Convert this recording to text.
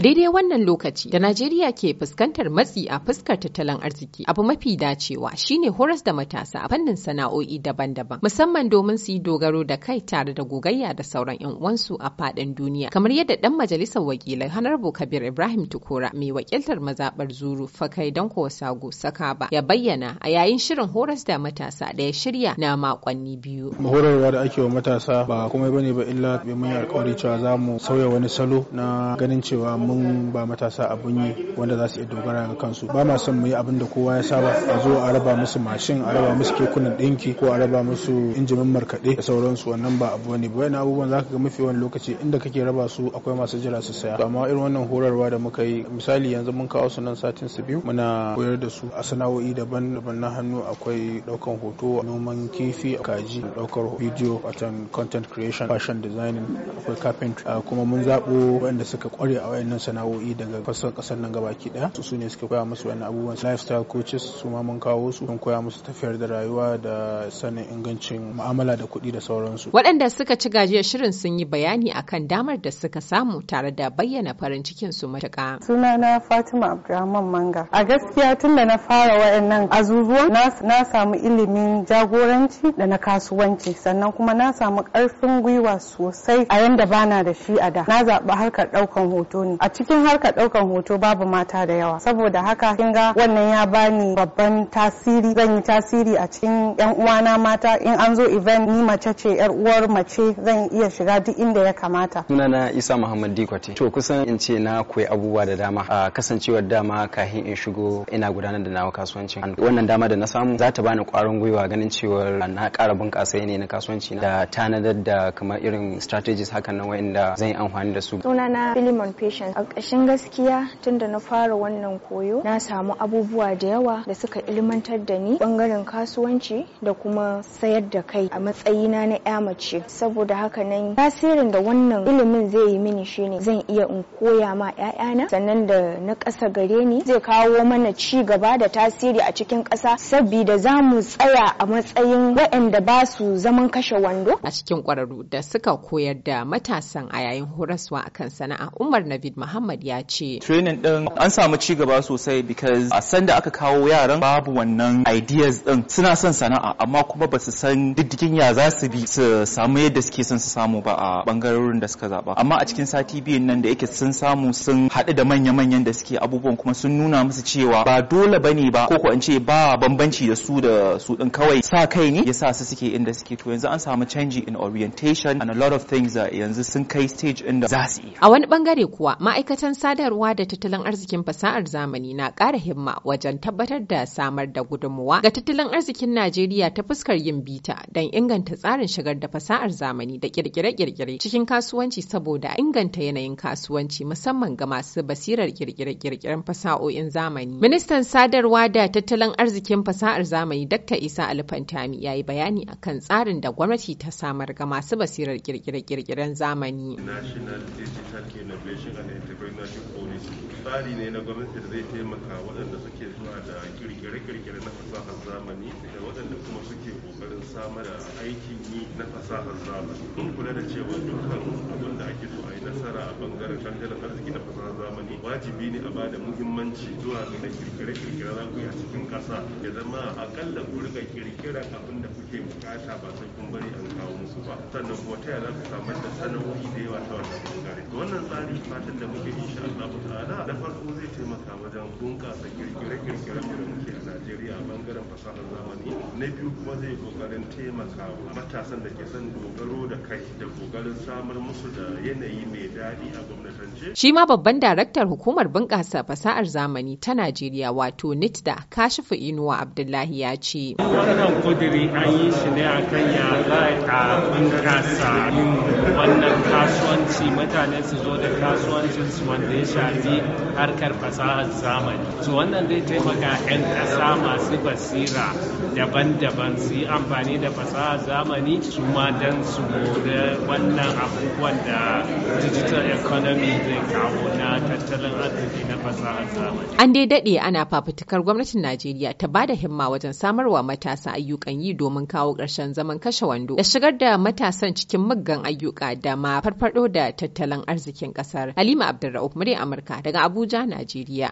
daidai wannan lokaci da Najeriya ke fuskantar matsi a fuskar tattalin arziki abu mafi dacewa shine horas da matasa a fannin sana'o'i daban-daban musamman domin su yi dogaro da kai tare da gogayya da sauran 'yan uwansu a faɗin duniya kamar yadda dan majalisar wakilai Hanarbo Kabir Ibrahim Tukura mai wakiltar mazabar Zuru Fakai Danko Sago Sakaba ya bayyana a yayin shirin horas da matasa da ya shirya na makonni biyu. Horarwa da ake wa matasa ba komai bane ba illa bai mun alƙawari cewa za mu sauya wani salo na ganin cewa mun ba matasa abun yi wanda za su iya dogara ga kansu ba ma son mu yi abin da kowa ya saba a zo a raba musu mashin a raba musu kekunan ɗinki ko a raba musu injimin markaɗe da sauransu wannan ba abu ne ba abubuwan za ka ga mafi wani lokaci inda kake raba su akwai masu jira su saya amma irin wannan horarwa da muka yi misali yanzu mun kawo su nan satin su biyu muna koyar da su a sana'o'i daban-daban na hannu akwai ɗaukan hoto noman kifi kaji ɗaukar bidiyo watan content creation fashion designing akwai carpentry kuma mun zaɓo waɗanda suka kware a wayannan sana'o'i daga kasar kasar nan gabaki daya su ne suke koya musu wani abubuwan lifestyle coaches su ma mun kawo su don koya musu tafiyar da rayuwa da sanin ingancin mu'amala da kuɗi da sauransu waɗanda suka ci gajiyar shirin sun yi bayani akan damar da suka samu tare da bayyana farin cikin su matuƙa sunana Fatima Abdulrahman Manga a gaskiya tun da na fara wayannan azuzuwa na samu ilimin jagoranci da na kasuwanci sannan kuma na samu ƙarfin gwiwa sosai a yanda bana da shi a da na zaɓi harkar ɗaukan hoto ne a cikin harka ɗaukan hoto babu mata da yawa saboda haka kin ga wannan ya bani babban tasiri zan yi tasiri a cikin yan uwana mata in an zo event ni mace ce yar uwar mace zan iya shiga duk inda ya kamata sunana Isa Muhammad Dikwati to kusan in ce na koyi abubuwa da dama a kasancewar dama kafin in shigo ina gudanar da nawa kasuwanci. wannan dama da na samu za ta bani kwarin gwiwa ganin cewar na ƙara bunƙasa ne na kasuwanci da tanadar da kamar irin strategies hakan nan wa'inda zan yi amfani da su sunana Filimon Patience a ƙashin gaskiya tunda na fara wannan koyo na samu abubuwa da yawa da suka ilmantar da ni bangaren kasuwanci da kuma sayar da kai a matsayina na ya mace saboda haka nan tasirin da wannan ilimin zai yi mini shine zan iya in koya ma 'ya'yana sannan da na ƙasa gare ni zai kawo mana ci gaba da tasiri a cikin ƙasa saboda za mu tsaya a matsayin waɗanda ba su zaman kashe wando a cikin ƙwararru da suka koyar da matasan a yayin horaswa akan sana'a Umar na Navid Muhammad ya ce. Training din an samu ci gaba sosai because a sanda aka kawo yaran babu wannan ideas din suna son sana'a amma kuma ba su san diddigin ya za su bi su samu yadda suke son su samu ba a bangarorin da suka zaba amma a cikin sati biyun nan da yake sun samu sun haɗu da manya-manyan da suke abubuwan kuma sun nuna musu cewa ba dole bane ba ko ko an ce ba bambanci da su da su din kawai sa kai ne yasa su suke inda suke to yanzu an samu canji in orientation and a lot of things yanzu sun kai stage inda za su iya a wani bangare kuwa Ma'aikatan sadarwa da tattalin arzikin fasahar zamani na ƙara himma wajen tabbatar da samar da gudunmuwa ga tattalin arzikin Najeriya ta fuskar yin bita don inganta tsarin shigar da fasahar zamani da kirkire-kirkire cikin kasuwanci saboda inganta yanayin kasuwanci musamman ga masu basirar ƙirƙire kirkiren fasahohin zamani. Ministan sadarwa da tattalin arzikin fasahar zamani Dr. Isa Alfantami ya yi bayani akan tsarin da gwamnati ta samar ga masu basirar kirkire-kirkiren zamani. National Digital Innovation and littattafai na shi kone tsari ne na gwamnati da zai taimaka waɗanda suke zuwa da kirkire-kirkire na fasahar zamani da waɗanda kuma suke ƙoƙarin samar da aikin yi na fasahar zamani mun kula da cewa dukkan abin da ake so a yi nasara a bangaren tattalin arziki na fasahar zamani wajibi ne a ba da muhimmanci zuwa ga kirkire-kirkire na ku a cikin ƙasa ya zama aƙalla ku riƙa kirkiran abin da kuke bukata ba sai kun bari an kawo musu ba sannan kuma ta yaya za ku samar da ta nau'i da yawa ta wannan bangare wannan tsari fatan da muke insha Allah ta'ala da farko zai taimaka wajen bunƙasa kirkire-kirkiren da muke a Najeriya a bangaren fasahar zamani na biyu kuma zai kokarin taimaka matasan da ke son dogaro da kai da kokarin samar musu da yanayi mai daɗi a gwamnatance. Shi ma babban daraktar hukumar bunƙasa fasahar zamani ta Najeriya wato NITDA kashifa Inuwa Abdullahi ya ce. Wannan kudiri an yi shi ne a kan ya za a bunƙasa yin wannan kasuwanci mutane su zo da kasuwancin su wanda ya shafi harkar fasahar zamani su wannan zai taimaka 'yan ƙasa masu basira daban-daban su yi amfani da fasahar zamani su ma don su da wannan abubuwan da digital economy zai kawo na tattalin arziki na fasahar zamani an dai daɗe ana fafutukar gwamnatin najeriya ta ba da himma wajen samarwa matasa ayyukan yi domin kawo ƙarshen zaman kashe wando da shigar da matasan cikin muggan ayyuka da ma farfado da tattalin arzikin kasar. Halima Abdurra'u murya Amurka daga Abuja, Najeriya.